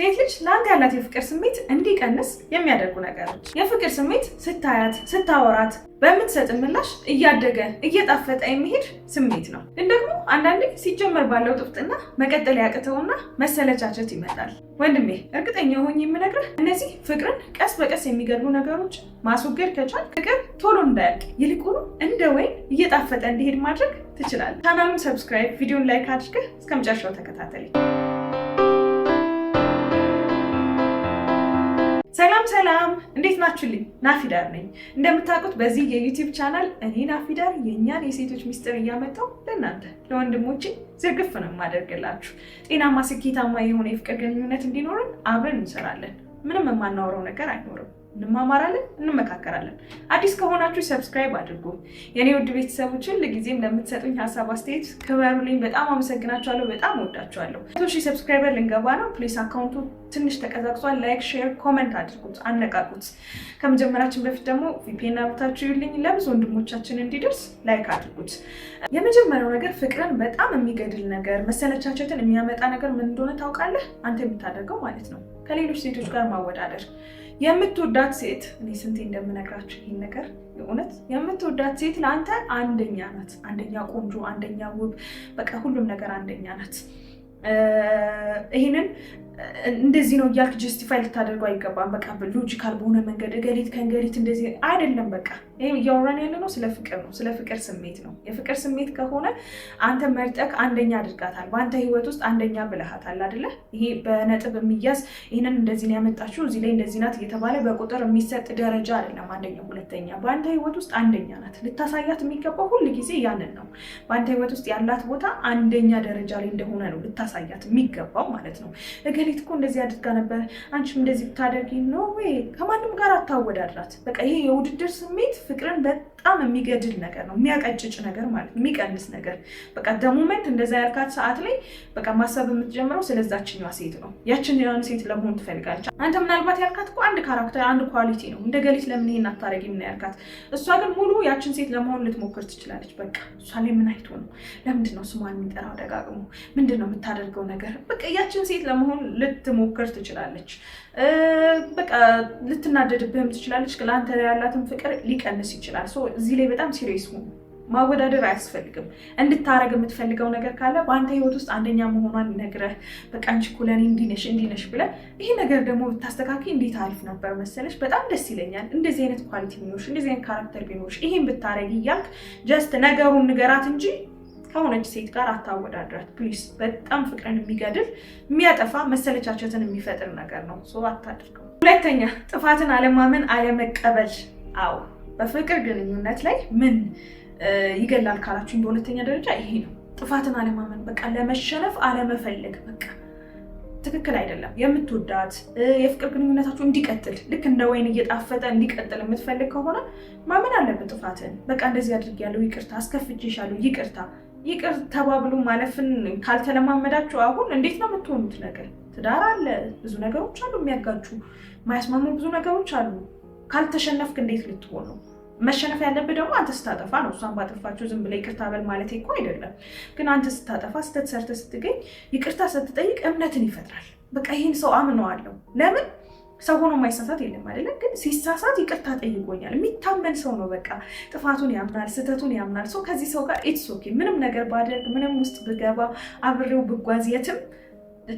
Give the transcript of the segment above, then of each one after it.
ሴት ልጅ ለአንተ ያላት የፍቅር ስሜት እንዲቀንስ የሚያደርጉ ነገሮች። የፍቅር ስሜት ስታያት፣ ስታወራት፣ በምትሰጥ ምላሽ እያደገ እየጣፈጠ የሚሄድ ስሜት ነው። ግን ደግሞ አንዳንዴ ሲጀመር ባለው ጥብጥና መቀጠል ያቅተውና መሰለቻቸት ይመጣል። ወንድሜ እርግጠኛ ሆኜ የምነግርህ እነዚህ ፍቅርን ቀስ በቀስ የሚገድሉ ነገሮች ማስወገድ ከቻል ፍቅር ቶሎ እንዳያልቅ ይልቁኑ እንደ ወይን እየጣፈጠ እንዲሄድ ማድረግ ትችላለህ። ቻናሉን ሰብስክራይብ፣ ቪዲዮን ላይክ አድርገህ እስከ መጨረሻው ተከታተለኝ። ሰላም ሰላም፣ እንዴት ናችሁልኝ? ናፊዳር ነኝ። እንደምታውቁት በዚህ የዩቲዩብ ቻናል እኔ ናፊዳር የእኛን የሴቶች ሚስጥር እያመጣው ለእናንተ ለወንድሞቼ ዝርግፍ ነው የማደርግላችሁ። ጤናማ ስኬታማ የሆነ የፍቅር ግንኙነት እንዲኖርን አብረን እንሰራለን። ምንም የማናወረው ነገር አይኖርም። እንማማራለን፣ እንመካከራለን። አዲስ ከሆናችሁ ሰብስክራይብ አድርጉ። የኔ ውድ ቤተሰቦችን ሁልጊዜም ለምትሰጡኝ ሀሳብ አስተያየት ክበሩልኝ። በጣም አመሰግናችኋለሁ። በጣም ወዳችኋለሁ። መቶ ሺህ ሰብስክራይበር ልንገባ ነው። ፕሊስ አካውንቱ ትንሽ ተቀዛቅዟል። ላይክ፣ ሼር፣ ኮመንት አድርጉት፣ አነቃቁት። ከመጀመራችን በፊት ደግሞ ቪፒን አብታችሁ ይልኝ ለብዙ ወንድሞቻችን እንዲደርስ ላይክ አድርጉት። የመጀመሪያው ነገር ፍቅርን በጣም የሚገድል ነገር፣ መሰለቻቸትን የሚያመጣ ነገር ምን እንደሆነ ታውቃለህ? አንተ የምታደርገው ማለት ነው ከሌሎች ሴቶች ጋር ማወዳደር የምትወዳት ሴት እኔ ስንቴ እንደምነግራችሁ ይህን ነገር የእውነት የምትወዳት ሴት ለአንተ አንደኛ ናት። አንደኛ ቆንጆ፣ አንደኛ ውብ፣ በቃ ሁሉም ነገር አንደኛ ናት። ይህንን እንደዚህ ነው እያልክ ጀስቲፋይ ልታደርገው አይገባም። በቃ ሎጂካል በሆነ መንገድ እገሊት ከእንገሊት እንደዚህ አይደለም። በቃ ይህ እያወራን ያለ ነው ስለ ፍቅር ነው፣ ስለ ፍቅር ስሜት ነው። የፍቅር ስሜት ከሆነ አንተ መርጠክ አንደኛ አድርጋታል፣ በአንተ ህይወት ውስጥ አንደኛ ብልሃታል አደለ? ይሄ በነጥብ የሚያዝ ይህንን እንደዚህ ነው ያመጣችው እዚህ ላይ እንደዚህ ናት እየተባለ በቁጥር የሚሰጥ ደረጃ አይደለም። አንደኛ ሁለተኛ፣ በአንተ ህይወት ውስጥ አንደኛ ናት። ልታሳያት የሚገባው ሁል ጊዜ ያንን ነው። በአንተ ህይወት ውስጥ ያላት ቦታ አንደኛ ደረጃ ላይ እንደሆነ ነው ልታሳያት የሚገባው ማለት ነው። ሌሊት እኮ እንደዚህ አድርጋ ነበር፣ አንቺም እንደዚህ ብታደርጊ ነው ወይ? ከማንም ጋር አታወዳድራት። በቃ ይሄ የውድድር ስሜት ፍቅርን በጣም የሚገድል ነገር ነው፣ የሚያቀጭጭ ነገር ማለት የሚቀንስ ነገር። በቃ ደሞመንት እንደዛ ያልካት ሰዓት ላይ በቃ ማሰብ የምትጀምረው ስለዛችኛዋ ሴት ነው። ያችኛዋን ሴት ለመሆን ትፈልጋለች። አንተ ምናልባት ያልካት እኮ አንድ ካራክተር፣ አንድ ኳሊቲ ነው። እንደ ገሊት ለምን ይሄን አታደርጊም ምን ያልካት። እሷ ግን ሙሉ ያችን ሴት ለመሆን ልትሞክር ትችላለች። በቃ እሷ ላይ ምን አይቶ ነው? ለምንድን ነው ስሟን የሚጠራው ደጋግሞ? ምንድን ነው የምታደርገው ነገር? በቃ ያችን ሴት ለመሆን ልትሞክር ትችላለች። በቃ ልትናደድብህም ትችላለች። ለአንተ ያላትን ፍቅር ሊቀንስ ይችላል። እዚህ ላይ በጣም ሲሪየስ ሆኑ። ማወዳደር አያስፈልግም። እንድታረግ የምትፈልገው ነገር ካለ በአንተ ህይወት ውስጥ አንደኛ መሆኗን ነግረህ በቃ አንቺ እኮ ለእኔ እንዲነሽ እንዲነሽ ብለህ ይህ ነገር ደግሞ ብታስተካኪ እንዴት አሪፍ ነበር መሰለች፣ በጣም ደስ ይለኛል፣ እንደዚህ አይነት ኳሊቲ ቢኖርሽ፣ እንደዚህ አይነት ካራክተር ቢኖርሽ፣ ይህን ብታረግ እያልክ ጀስት ነገሩን ንገራት እንጂ ከሆነች ሴት ጋር አታወዳድራት ፕሊስ። በጣም ፍቅርን የሚገድል የሚያጠፋ መሰለቻቸትን የሚፈጥር ነገር ነው። ሶ አታድርገው። ሁለተኛ ጥፋትን አለማመን፣ አለመቀበል። አዎ በፍቅር ግንኙነት ላይ ምን ይገላል ካላችሁኝ በሁለተኛ ደረጃ ይሄ ነው። ጥፋትን አለማመን፣ በቃ ለመሸነፍ አለመፈለግ፣ በቃ ትክክል አይደለም። የምትወዳት የፍቅር ግንኙነታችሁ እንዲቀጥል ልክ እንደ ወይን እየጣፈጠ እንዲቀጥል የምትፈልግ ከሆነ ማመን አለብን ጥፋትን። በቃ እንደዚህ አድርጌያለሁ፣ ይቅርታ፣ አስከፍቼሻለሁ፣ ይቅርታ ይቅር ተባብሎ ማለፍን ካልተለማመዳችሁ አሁን እንዴት ነው የምትሆኑት? ነገር ትዳር አለ፣ ብዙ ነገሮች አሉ፣ የሚያጋጩ የማያስማሙ ብዙ ነገሮች አሉ። ካልተሸነፍክ እንዴት ልትሆኑ? መሸነፍ ያለብህ ደግሞ አንተ ስታጠፋ ነው። እሷን ባጠፋቸው ዝም ብለህ ይቅርታ በል ማለት እኮ አይደለም። ግን አንተ ስታጠፋ ስተት ሰርተህ ስትገኝ ይቅርታ ስትጠይቅ እምነትን ይፈጥራል። በቃ ይህን ሰው አምነዋለሁ ለምን ሰው ሆኖ ማይሳሳት የለም አይደለም። ግን ሲሳሳት ይቅርታ ጠይቆኛል። የሚታመን ሰው ነው። በቃ ጥፋቱን ያምናል፣ ስህተቱን ያምናል። ሰው ከዚህ ሰው ጋር ኢትስ ኦኬ ምንም ነገር ባደርግ ምንም ውስጥ ብገባ አብሬው ብጓዝ የትም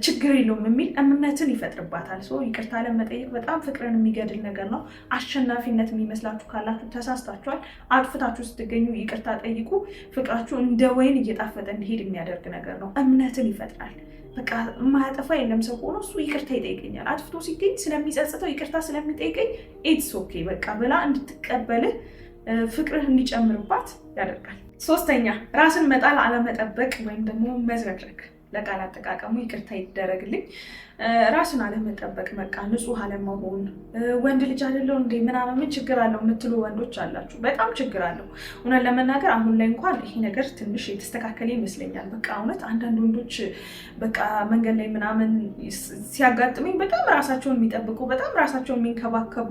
ችግር የለውም የሚል እምነትን ይፈጥርባታል። ሰው ይቅርታ ለመጠየቅ በጣም ፍቅርን የሚገድል ነገር ነው። አሸናፊነት የሚመስላችሁ ካላችሁ ተሳስታችኋል። አጥፍታችሁ ስትገኙ ይቅርታ ጠይቁ። ፍቅራችሁ እንደ ወይን እየጣፈጠ እንዲሄድ የሚያደርግ ነገር ነው። እምነትን ይፈጥራል። በቃ የማያጠፋ የለም ሰው ሆኖ እሱ ይቅርታ ይጠይቀኛል፣ አጥፍቶ ሲገኝ ስለሚጸጽተው ይቅርታ ስለሚጠይቀኝ ኢትስ ኦኬ በቃ ብላ እንድትቀበልህ ፍቅርህ እንዲጨምርባት ያደርጋል። ሶስተኛ ራስን መጣል አለመጠበቅ ወይም ደግሞ መዝረግረግ ለቃል አጠቃቀሙ ይቅርታ ይደረግልኝ። ራሱን አለመጠበቅ፣ በቃ ንጹህ አለመሆን፣ ወንድ ልጅ አይደለው እንዴ ምናምን ምን ችግር አለው የምትሉ ወንዶች አላችሁ። በጣም ችግር አለው። እውነት ለመናገር አሁን ላይ እንኳን ይሄ ነገር ትንሽ የተስተካከለ ይመስለኛል። በቃ እውነት አንዳንድ ወንዶች በቃ መንገድ ላይ ምናምን ሲያጋጥመኝ በጣም ራሳቸውን የሚጠብቁ በጣም ራሳቸውን የሚንከባከቡ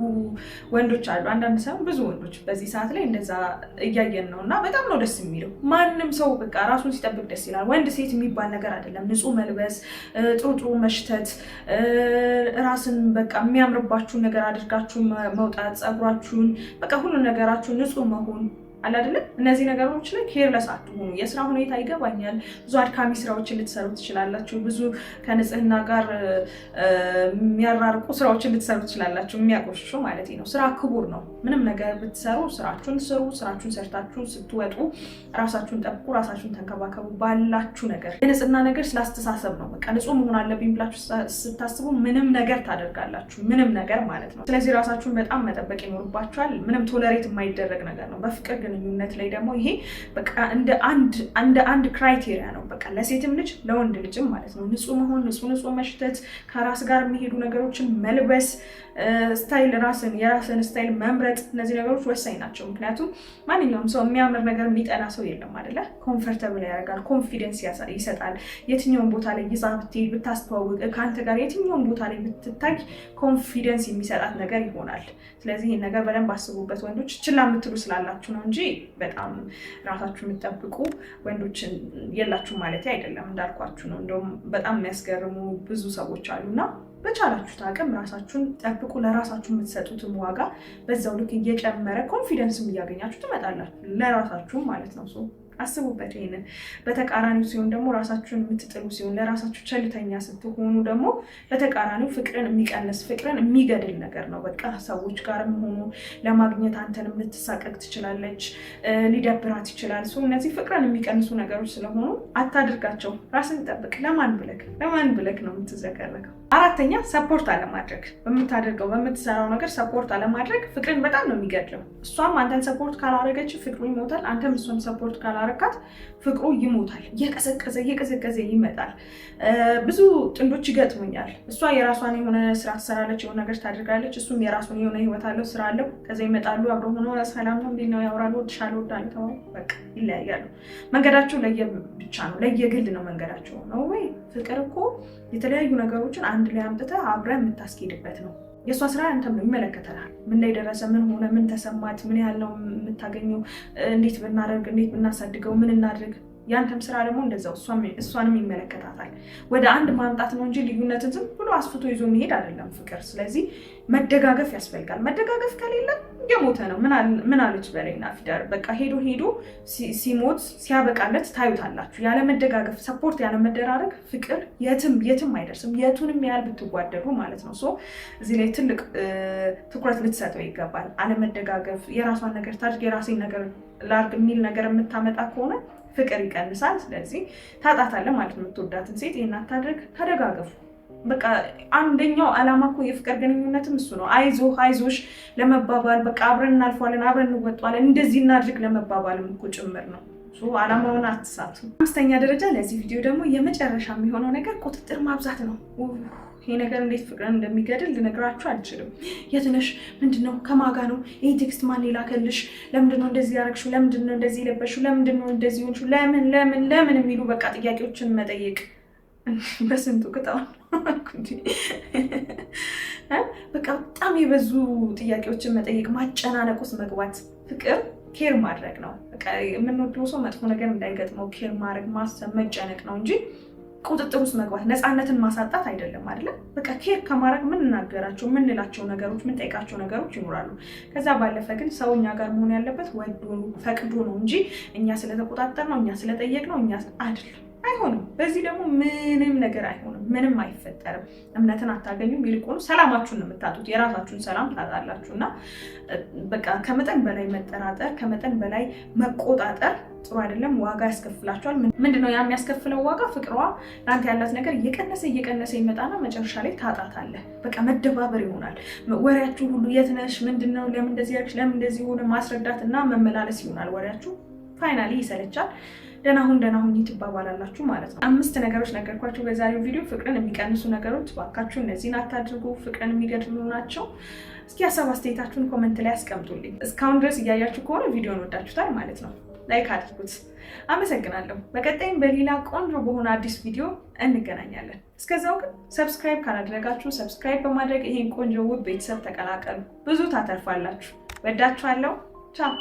ወንዶች አሉ። አንዳንድ ሳይሆን ብዙ ወንዶች በዚህ ሰዓት ላይ እንደዛ እያየን ነው እና በጣም ነው ደስ የሚለው። ማንም ሰው በቃ ራሱን ሲጠብቅ ደስ ይላል። ወንድ ሴት የሚባል ነገር አይደለም። አይደለም። ንጹህ መልበስ፣ ጥሩ ጥሩ መሽተት፣ ራስን በቃ የሚያምርባችሁን ነገር አድርጋችሁ መውጣት፣ ፀጉራችሁን በቃ ሁሉ ነገራችሁ ንጹህ መሆን አለ አይደለ? እነዚህ ነገሮች ላይ ኬርለስ አትሆኑ። የስራ ሁኔታ ይገባኛል። ብዙ አድካሚ ስራዎችን ልትሰሩ ትችላላችሁ። ብዙ ከንጽህና ጋር የሚያራርቁ ስራዎችን ልትሰሩ ትችላላችሁ። የሚያቆሽሹ ማለት ነው። ስራ ክቡር ነው። ምንም ነገር ብትሰሩ ስራችሁን ስሩ። ስራችሁን ሰርታችሁ ስትወጡ ራሳችሁን ጠብቁ፣ ራሳችሁን ተንከባከቡ። ባላችሁ ነገር የንጽህና ነገር ስለ አስተሳሰብ ነው። በቃ ንጹህ መሆን አለብኝ ብላችሁ ስታስቡ ምንም ነገር ታደርጋላችሁ። ምንም ነገር ማለት ነው። ስለዚህ ራሳችሁን በጣም መጠበቅ ይኖርባችኋል። ምንም ቶለሬት የማይደረግ ነገር ነው። በፍቅር ግንኙነት ላይ ደግሞ ይሄ በቃ እንደ አንድ ክራይቴሪያ ነው። በቃ ለሴትም ልጅ ለወንድ ልጅም ማለት ነው። ንጹህ መሆን፣ ንጹህ ንጹህ መሽተት፣ ከራስ ጋር የሚሄዱ ነገሮችን መልበስ፣ ስታይል ራስን የራስን ስታይል መምረጥ፣ እነዚህ ነገሮች ወሳኝ ናቸው። ምክንያቱም ማንኛውም ሰው የሚያምር ነገር የሚጠላ ሰው የለም አይደለ? ኮንፈርተብል ያደርጋል፣ ኮንፊደንስ ይሰጣል። የትኛውን ቦታ ላይ ይዛ ብትሄድ ብታስተዋውቅ፣ ከአንተ ጋር የትኛውን ቦታ ላይ ብትታይ ኮንፊደንስ የሚሰጣት ነገር ይሆናል። ስለዚህ ይህን ነገር በደንብ አስቡበት። ወንዶች ችላ የምትሉ ስላላችሁ ነው እንጂ በጣም ራሳችሁ የምትጠብቁ ወንዶችን የላችሁ ማለት አይደለም። እንዳልኳችሁ ነው። እንደውም በጣም የሚያስገርሙ ብዙ ሰዎች አሉና በቻላችሁት አቅም ራሳችሁን ጠብቁ። ለራሳችሁ የምትሰጡትም ዋጋ በዛው ልክ እየጨመረ ኮንፊደንስም እያገኛችሁ ትመጣላችሁ፣ ለራሳችሁም ማለት ነው። አስቡበት። ይሄንን በተቃራኒው ሲሆን ደግሞ ራሳችሁን የምትጥሉ ሲሆን፣ ለራሳችሁ ቸልተኛ ስትሆኑ ደግሞ በተቃራኒው ፍቅርን የሚቀንስ ፍቅርን የሚገድል ነገር ነው። በቃ ሰዎች ጋር ሆኑ ለማግኘት አንተን የምትሳቀቅ ትችላለች፣ ሊደብራት ይችላል። እነዚህ ፍቅርን የሚቀንሱ ነገሮች ስለሆኑ አታድርጋቸው። ራስን ጠብቅ። ለማን ብለክ ለማን ብለክ ነው የምትዘቀረቀው? አራተኛ ሰፖርት አለማድረግ፣ በምታደርገው በምትሰራው ነገር ሰፖርት አለማድረግ ፍቅርን በጣም ነው የሚገድለው። እሷም አንተን ሰፖርት ካላረገች ፍቅሩ ይሞታል፣ አንተም እሷም ሰፖርት ካላረካት ፍቅሩ ይሞታል። እየቀዘቀዘ እየቀዘቀዘ ይመጣል። ብዙ ጥንዶች ይገጥሙኛል። እሷ የራሷን የሆነ ስራ ትሰራለች፣ የሆነ ነገር ታደርጋለች። እሱም የራሱን የሆነ ህይወት አለው፣ ስራ አለው። ከዛ ይመጣሉ፣ አብሮ ሆኖ ሰላም ነው፣ እንዴት ነው ያወራሉ፣ ወድሻለሁ፣ ወዳንተው፣ በቃ ይለያያሉ። መንገዳቸው ለየብቻ ነው፣ ለየግል ነው መንገዳቸው ነው ወይ ፍቅር እኮ የተለያዩ ነገሮችን አንድ ላይ አምጥተ አብረ የምታስኬድበት ነው። የእሷ ስራ አንተም ነው ይመለከተናል። ምን ላይ ደረሰ፣ ምን ሆነ፣ ምን ተሰማት፣ ምን ያለው የምታገኘው፣ እንዴት ብናደርግ፣ እንዴት ብናሳድገው፣ ምን እናድርግ ያንተም ስራ ደግሞ እንደዛው እሷንም ይመለከታታል። ወደ አንድ ማምጣት ነው እንጂ ልዩነትን ዝም ብሎ አስፍቶ ይዞ መሄድ አይደለም ፍቅር። ስለዚህ መደጋገፍ ያስፈልጋል። መደጋገፍ ከሌለ የሞተ ነው። ምን አለች በላይና ፊደር በቃ ሄዶ ሄዶ ሲሞት ሲያበቃለት ታዩታላችሁ። ያለ መደጋገፍ ሰፖርት፣ ያለ መደራረግ ፍቅር የትም የትም አይደርስም። የቱንም ያህል ብትጓደሉ ማለት ነው። እዚህ ላይ ትልቅ ትኩረት ልትሰጠው ይገባል። አለመደጋገፍ የራሷን ነገር ታድርግ፣ የራሴን ነገር ላርግ የሚል ነገር የምታመጣ ከሆነ ፍቅር ይቀንሳል። ስለዚህ ታጣታለህ ማለት ነው። የምትወዳትን ሴት ይህን አታድርግ። ተደጋገፉ። በቃ አንደኛው አላማ እኮ የፍቅር ግንኙነትም እሱ ነው። አይዞህ አይዞሽ ለመባባል በቃ አብረን እናልፏለን፣ አብረን እንወጣዋለን፣ እንደዚህ እናድርግ ለመባባልም እኮ ጭምር ነው። አላማውን አትሳቱ። አምስተኛ ደረጃ ለዚህ ቪዲዮ ደግሞ የመጨረሻ የሚሆነው ነገር ቁጥጥር ማብዛት ነው። ይሄ ነገር እንዴት ፍቅርን እንደሚገድል ልነግራችሁ አልችልም። የትነሽ ምንድነው? ከማጋ ነው? ይህ ቴክስት ማን ላከልሽ? ለምንድነው እንደዚህ ያረግሹ? ለምንድነው እንደዚህ የለበሹ? ለምንድነው እንደዚህ ሆንሹ? ለምን ለምን ለምን የሚሉ በቃ ጥያቄዎችን መጠየቅ በስንቱ ቅጣውን በቃ በጣም የበዙ ጥያቄዎችን መጠየቅ ማጨናነቅ ውስጥ መግባት ፍቅር ኬር ማድረግ ነው። የምንወደው ሰው መጥፎ ነገር እንዳይገጥመው ኬር ማድረግ ማሰብ መጨነቅ ነው እንጂ ቁጥጥር ውስጥ መግባት ነፃነትን ማሳጣት አይደለም አይደለም። በቃ ኬር ከማድረግ የምንናገራቸው የምንላቸው ነገሮች የምንጠይቃቸው ነገሮች ይኖራሉ። ከዛ ባለፈ ግን ሰው እኛ ጋር መሆን ያለበት ወዶ ፈቅዶ ነው እንጂ እኛ ስለተቆጣጠር ነው እኛ ስለጠየቅ ነው እኛ አይደለም። አይሆንም። በዚህ ደግሞ ምንም ነገር አይሆንም፣ ምንም አይፈጠርም። እምነትን አታገኙም፣ ይልቁኑ ሰላማችሁን የምታጡት። የራሳችሁን ሰላም ታጣላችሁ እና በቃ ከመጠን በላይ መጠራጠር፣ ከመጠን በላይ መቆጣጠር ጥሩ አይደለም። ዋጋ ያስከፍላቸዋል። ምንድነው ያ የሚያስከፍለው ዋጋ? ፍቅሯ ለአንተ ያላት ነገር እየቀነሰ እየቀነሰ ይመጣና መጨረሻ ላይ ታጣታለህ። በቃ መደባበር ይሆናል። ወሬያችሁ ሁሉ የት ነሽ? ምንድነው? ለምን እንደዚህ ያልሽ? ለምን እንደዚህ ሆነ? ማስረዳት እና መመላለስ ይሆናል ወሬያችሁ። ፋይናሊ ይሰለቻል። ደህናሁን ደህናሁኝ ትባባላላችሁ ማለት ነው። አምስት ነገሮች ነገርኳችሁ በዛሬው ቪዲዮ። ፍቅርን የሚቀንሱ ነገሮች ባካችሁ እነዚህን አታድርጉ፣ ፍቅርን የሚገድሉ ናቸው። እስኪ ሀሳብ አስተያየታችሁን ኮመንት ላይ አስቀምጡልኝ። እስካሁን ድረስ እያያችሁ ከሆነ ቪዲዮን ወዳችሁታል ማለት ነው ላይክ አድርጉት። አመሰግናለሁ። በቀጣይም በሌላ ቆንጆ በሆነ አዲስ ቪዲዮ እንገናኛለን። እስከዛው ግን ሰብስክራይብ ካላደረጋችሁ ሰብስክራይብ በማድረግ ይሄን ቆንጆ ውብ ቤተሰብ ተቀላቀሉ። ብዙ ታተርፋላችሁ። ወዳችኋለሁ። ቻው